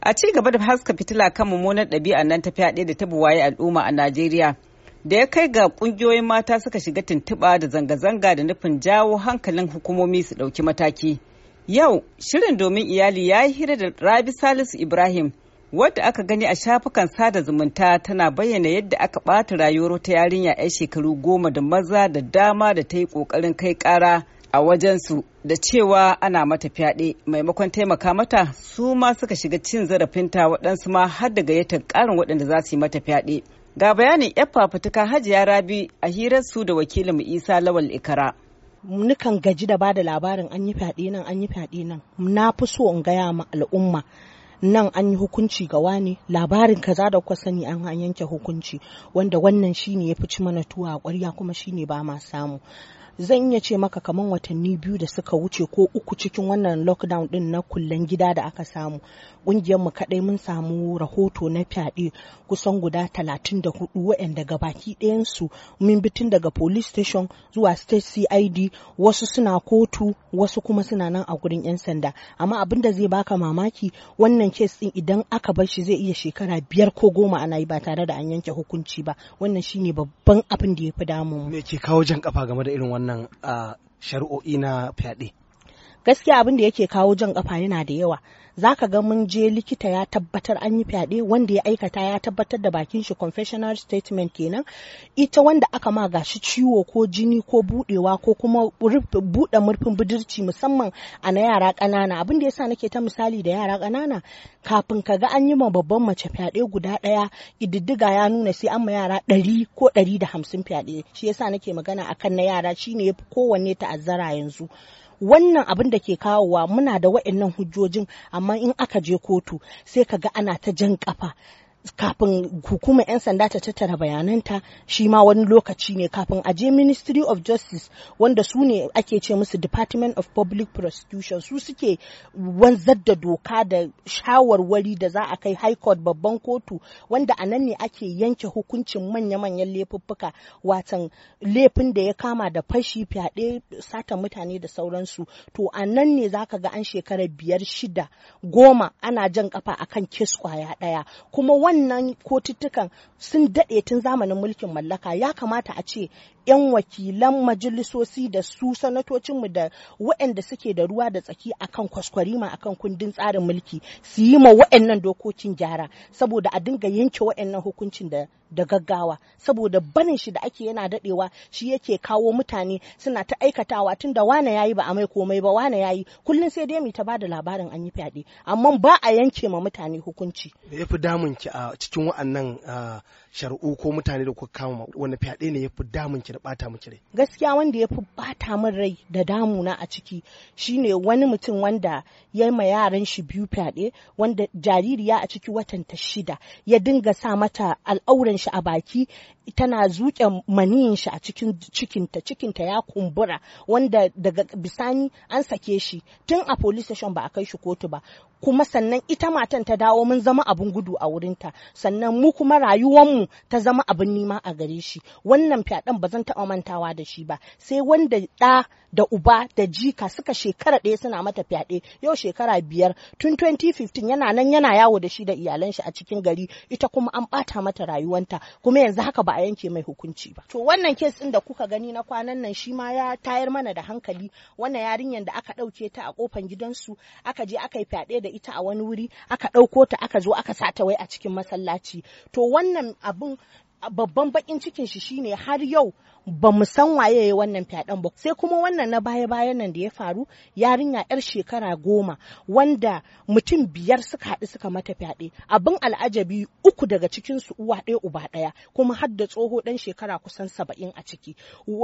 A ci gaba da haska fitila kan mummunar ɗabi'a nan ta fyaɗe da ta buwaye al'umma a Najeriya. Da ya kai ga ƙungiyoyin mata suka shiga tuntuɓa da zanga-zanga da nufin jawo hankalin hukumomi su ɗauki mataki. Yau, shirin domin iyali ya yi hira da Rabi Salisu Ibrahim, wadda aka gani a shafukan sada zumunta tana bayyana yadda aka ɓata rayuwar ta yarinya 'yan shekaru goma da maza da dama da ta yi ƙoƙarin kai ƙara. a wajensu da cewa ana mata fyaɗe maimakon taimaka mata su ma suka shiga cin zarafinta waɗansu ma har da gayyatar ƙarin waɗanda za su yi mata fyaɗe. Ga bayanin 'yan fafutuka Hajiya Rabi a hirar su da wakilin mu Isa Lawal Ikara. Nukan gaji da bada labarin an yi fyaɗe nan an yi fyaɗe nan na fi so in gaya ma al'umma nan an yi hukunci ga wani labarin kaza da kuka sani an yanke hukunci wanda wannan shine ya fi ci mana tuwa a ƙwarya kuma shine ba ma samu zan iya ce maka kamar watanni biyu da suka wuce ko uku cikin wannan lockdown din na kullen gida da aka samu kungiyar mu kadai mun samu rahoto na fyaɗe kusan guda 34 waɗanda gabaki ɗayan su mun bi tun daga police station zuwa state CID wasu suna kotu wasu kuma suna nan a gurin yan sanda amma abin da zai baka mamaki wannan kes din idan aka bar shi zai iya shekara biyar ko goma ana yi ba tare da an yanke hukunci ba wannan shine babban abin da ya fi damu me ke kawo jan kafa game da irin wannan wannan ah, shari'o'i na fyaɗe gaskiya abin da yake kawo jan kafa yana da yawa za ka ga mun je likita ya tabbatar an yi fyaɗe wanda ya aikata ya tabbatar da bakin shi confessional statement kenan ita wanda aka ma gashi ciwo ko jini ko budewa ko kuma buɗe murfin budurci musamman a na yara ƙanana abin da yasa nake ta misali da yara ƙanana kafin ka ga an yi ma babban mace fyaɗe guda ɗaya ididdiga ya nuna sai an ma yara ɗari ko ɗari da hamsin fyaɗe shi yasa nake magana akan na yara shine ya fi kowanne ta'azzara yanzu wannan abin da ke kawowa muna da wa'annan hujjojin amma in aka je kotu sai ka ga ana ta jan kafa kafin hukumar 'yan sanda ta tattara bayananta shi ma wani lokaci ne kafin aje ministry of justice wanda su ne ake ce musu department of public prosecution su suke wanzar da doka da shawarwari da za a kai high court babban kotu wanda a nan ne ake yanke hukuncin manya-manyan laifuffuka watan laifin da ya kama da fashi fyaɗe sata mutane da sauransu to a nan ne za ka ga an shekara biyar shida goma ana jan kafa akan kes kwaya ɗaya kuma wannan kotuttukan sun daɗe tun zamanin mulkin mallaka ya kamata a ce 'yan wakilan majalisosi da su sanatocinmu da waɗanda suke da ruwa da tsaki akan kwaskwarima akan kundin tsarin mulki su yi ma waɗannan dokokin gyara saboda a dinga yanke waɗannan hukuncin da da gaggawa saboda banin shi da ake yana dadewa shi yake kawo mutane suna ta aikatawa tun da wane yayi ba a mai komai ba wane yayi kullum sai dai mu ta bada labarin an yi fyaɗe amma ba a yanke ma mutane hukunci me yafi damun ki a cikin wa'annan ah, shar'u ko mutane da kuka kama wani fyaɗe ne yafi damun ki da bata miki rai gaskiya wanda ya fi bata min rai da damuna a ciki shine wani mutum wanda ya ma yaran shi biyu fyaɗe wanda jaririya a ciki watan ta shida ya dinga sa mata al'auran shi a baki tana zuƙe maniyin shi a cikin cikinta cikinta ya kumbura wanda daga bisani an sake shi tun a police station ba a kai shi kotu ba kuma sannan ita matan ta dawo mun zama abin gudu a wurinta sannan mu kuma mu ta zama abin nima a gare shi wannan fyaɗen ba zan taɓa mantawa da shi ba sai wanda ɗa da uba da jika suka shekara ɗaya suna mata fyaɗe yau shekara biyar tun 2015 yana nan yana yawo da shi da iyalan shi a cikin gari ita kuma an ɓata mata rayuwanta kuma yanzu haka ba a yanke mai hukunci ba to wannan kes ɗin da kuka gani na kwanan nan shi ma ya tayar mana da hankali wannan yarinyar da aka ɗauke ta a kofan gidansu aka je aka yi fyaɗe da ita a wani wuri aka ɗauko ta aka zo aka sata wai a cikin masallaci to wannan abun babban bakin cikin shi shine har yau ba mu san waye ya wannan fyaɗen ba sai kuma wannan na baya bayan nan da ya faru yarinya yar shekara goma wanda mutum biyar suka haɗu suka mata fyaɗe abin al'ajabi uku daga cikin su uwa ɗaya uba ɗaya kuma har da tsoho ɗan shekara kusan saba'in a ciki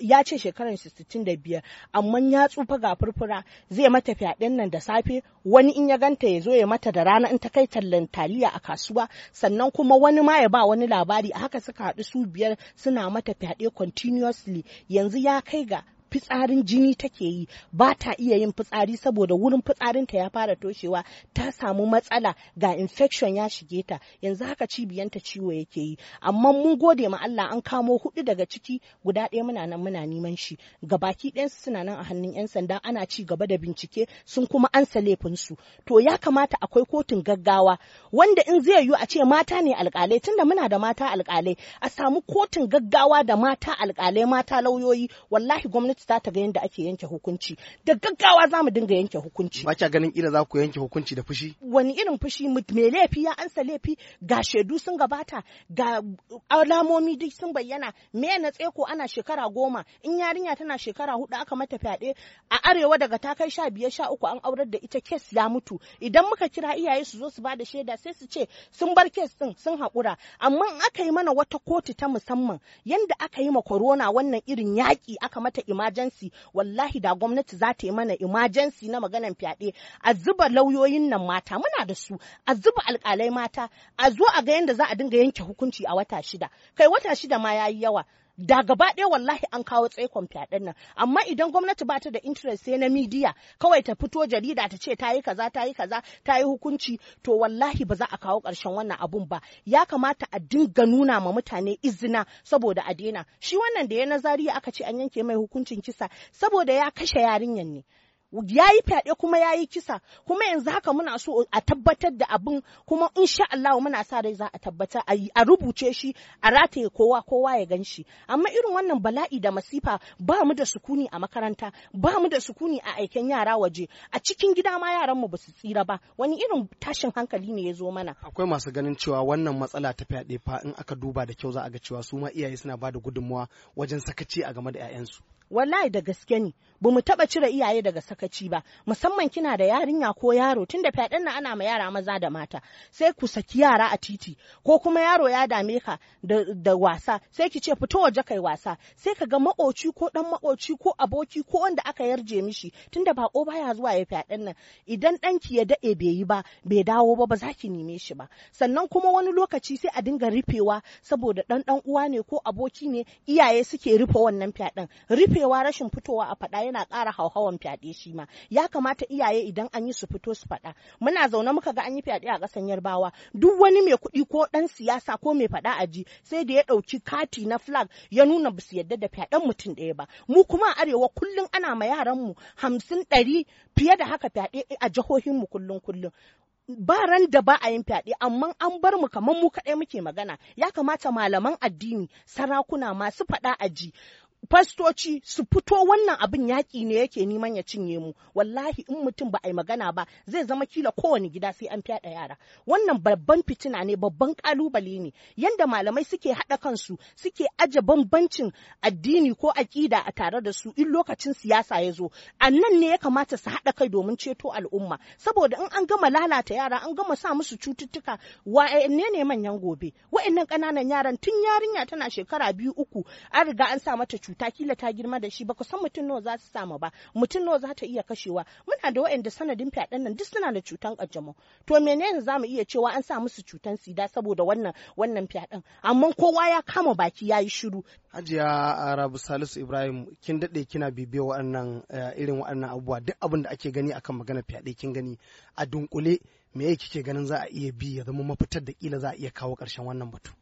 ya ce shekaran sittin da biyar amma ya tsufa ga furfura zai mata fyaɗen nan da safe wani in ya ganta ya zo ya mata da rana in ta kai tallan taliya a kasuwa sannan kuma wani ma ya ba wani labari a haka suka suka haɗu su biyar suna mata fyaɗe continuously yanzu ya kai ga fitsarin jini take yi ba ta iya yin fitsari saboda wurin fitsarinta ya fara toshewa ta samu matsala ga infection ya shige ta yanzu haka cibiyanta ciwo yake yi amma mun gode ma Allah an kamo hudu daga ciki guda ɗaya muna nan muna neman shi ga baki ɗayansu suna nan a hannun yan sanda ana ci gaba da bincike sun kuma ansa su to ya kamata akwai kotun gaggawa wanda in zai yiwu a ce mata ne alƙalai tunda muna da mata alƙalai a samu kotun gaggawa da mata alƙalai mata lauyoyi wallahi gwamnati gwamnati za ta ga yadda ake yanke hukunci da gaggawa za mu dinga yanke hukunci ba ganin ina za ku yanke hukunci da fushi wani irin fushi mai laifi ya ansa laifi ga shaidu sun gabata ga alamomi duk sun bayyana me na tseko ana shekara goma in yarinya tana shekara hudu aka mata fyaɗe a arewa daga ta kai sha biyar sha uku an aurar da ita kes ya mutu idan muka kira iyaye su zo su ba da shaida sai su ce sun bar kes din sun haƙura amma in aka yi mana wata kotu ta musamman yadda aka yi ma korona wannan irin yaƙi aka mata imani imajensi wallahi da gwamnati za ta yi mana imajensi na maganan fyaɗe a zuba lauyoyin nan mata muna da su a zuba alƙalai mata a zo a ga yadda za a dinga yanke hukunci a wata shida kai wata shida ma ya yi yawa da gaba ɗaya wallahi an kawo tsaikon fyaɗen nan amma idan gwamnati ba ta da interest sai na media kawai ta fito jarida ta ce ta yi kaza ta yi kaza ta yi hukunci to wallahi ba za a kawo ƙarshen wannan abun ba ya kamata a dinga nuna ma mutane izina saboda a daina shi wannan da ya nazari aka ce an yanke mai hukuncin kisa saboda ya kashe yarinyan ne ya yi fyaɗe kuma ya yi kisa kuma yanzu haka muna so a tabbatar da abin kuma insha Allah muna sa rai za a tabbata a rubuce shi a rataye kowa kowa ya gan shi amma irin wannan bala'i da masifa ba mu da sukuni a makaranta ba mu da sukuni a aiken yara waje a cikin gida ma yaran mu ba su tsira ba wani irin tashin hankali ne ya zo mana akwai masu ganin cewa wannan matsala ta fyaɗe fa in aka duba da kyau za a ga cewa su ma iyaye suna ba da gudunmawa wajen sakaci a game da 'ya'yansu wallahi da gaske ne ba mu taɓa cire iyaye daga sakaci ba musamman kina da yarinya ko yaro tun da fyaɗen nan ana ma yara maza da mata sai ku saki yara a titi ko kuma yaro ya dame ka da, wasa sai ki ce fito waje kai wasa sai ka ga makoci ko dan makoci ko aboki ko wanda aka yarje mishi tun da bako baya zuwa ya fyaɗen nan idan ɗanki ya daɗe bai yi ba bai dawo ba ba za ki neme shi ba sannan kuma wani lokaci sai a dinga rufewa saboda ɗan ɗan uwa ne ko aboki ne iyaye suke rufe wannan fyaɗen rufe rufewa rashin fitowa a faɗa yana ƙara hauhawan fyaɗe shi ma ya kamata iyaye idan an yi su fito su faɗa muna zaune muka ga an yi fyaɗe a ƙasan yarbawa duk wani mai kuɗi ko ɗan siyasa ko mai faɗa a ji sai da ya ɗauki kati na flag ya nuna ba su yadda da fyaɗen mutum ɗaya ba mu kuma a arewa kullum ana ma yaran mu hamsin ɗari fiye da haka fyaɗe a jihohinmu kullum kullum ba ran da ba a yin fyaɗe amma an bar mu kamar mu kaɗai muke magana ya kamata malaman addini sarakuna masu faɗa ji. fastoci su fito wannan abin yaƙi ne yake neman ya cinye mu wallahi in mutum ba a yi magana ba zai zama kila kowane gida sai an fyaɗa yara wannan babban fitina ne babban ƙalubale ne yanda malamai suke haɗa kansu suke aje bambancin addini ko aƙida a tare da su in lokacin siyasa ya zo a nan ne ya kamata su haɗa kai domin ceto al'umma saboda in an gama lalata yara an gama sa musu cututtuka wa'anne eh, ne manyan gobe wa'annan ƙananan yaran tun yarinya tana shekara biyu uku an riga an sa mata cuta kila ta girma da shi ba ku san mutum nawa za su samu ba mutum nawa za ta iya kashewa muna da waɗanda sanadin fyaɗen nan duk suna da cutan ƙanjamau to menene za mu iya cewa an sa musu cutan sida saboda wannan wannan fyaɗen amma kowa ya kama baki ya yi shiru. Hajiya Rabu Salisu Ibrahim kin daɗe kina bibiyar waɗannan eh, irin waɗannan abubuwa duk abin da ake gani akan magana fyaɗe kin gani a dunkule me yake kike ganin za a iya bi ya zama mafitar da kila za a iya kawo ƙarshen wannan batu.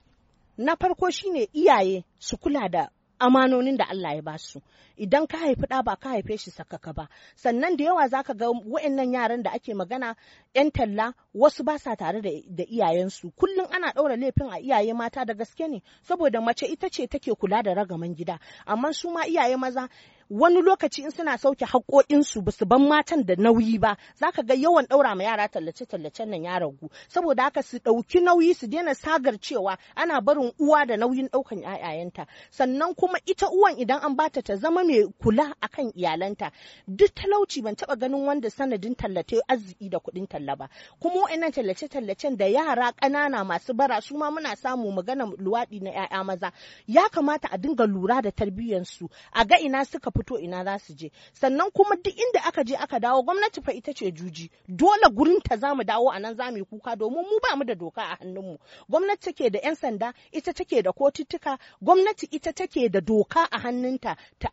Na farko shine iyaye su kula da amanonin da Allah ya basu idan ka haifi ɗa ba ka haife shi sakaka ba sannan da yawa zaka ga wa'annan yaran da ake magana yan talla wasu ba sa tare da iyayensu kullum ana ɗaura laifin a iyaye mata da gaske ne saboda mace ita ce take kula da ragaman gida amma su ma iyaye maza wani lokaci in suna sauke haƙoƙinsu ba su ban matan da nauyi ba za ka ga yawan ɗaura ma yara tallace tallace nan ya ragu saboda haka su ɗauki nauyi su daina sagar cewa ana barin uwa da nauyin ɗaukan ‘ya'yayanta sannan kuma ita uwan idan an bata ta zama mai kula akan iyalanta duk talauci ban taɓa ganin wanda sanadin tallace arziki da kuɗin talla ba kuma wa'annan tallace-tallacen da yara ƙanana masu bara su ma muna samu magana luwaɗi na ‘ya'ya maza ya kamata a dinga lura da tarbiyyansu a ga ina suka fito ina za su je sannan kuma duk inda aka je aka dawo gwamnati fa ita ce juji dole gurin ta zamu dawo anan zamu yi kuka domin mu ba mu da doka a hannunmu gwamnati take da 'yan sanda ita take da kotuttuka gwamnati ita take da doka a hannunta ta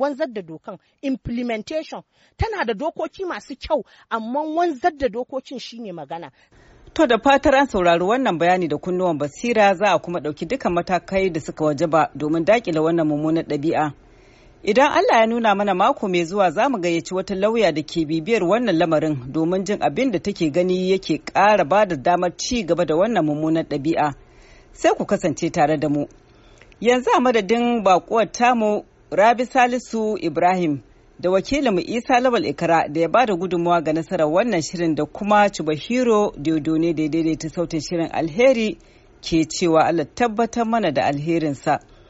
wanzar da dokan implementation tana da dokoki masu kyau amma wanzar da dokokin shine magana To da fatar an saurari wannan bayani da kunnuwan basira za a kuma ɗauki duka matakai da suka wajaba domin daƙile wannan mummunar ɗabi'a. Idan Allah ya nuna mana mako mai zuwa za mu gayyaci wata lauya da ke bibiyar wannan lamarin domin jin abin da take gani yake ƙara ba da damar ci gaba da wannan mummunan ɗabi'a. Sai ku kasance tare da mu. Yanzu a madadin baƙuwar tamu Rabi Salisu Ibrahim da wakilin mu Isa Labal Ikra da ya ba da gudunmawa ga nasarar wannan shirin da kuma Chubahiro Diodone da ya daidaita sautin shirin alheri ke cewa Allah tabbatar mana da alherinsa.